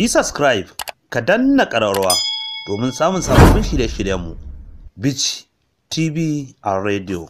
yi subscribe ka danna ƙararrawa domin samun sababbin shirye-shiryenmu bich tv a radio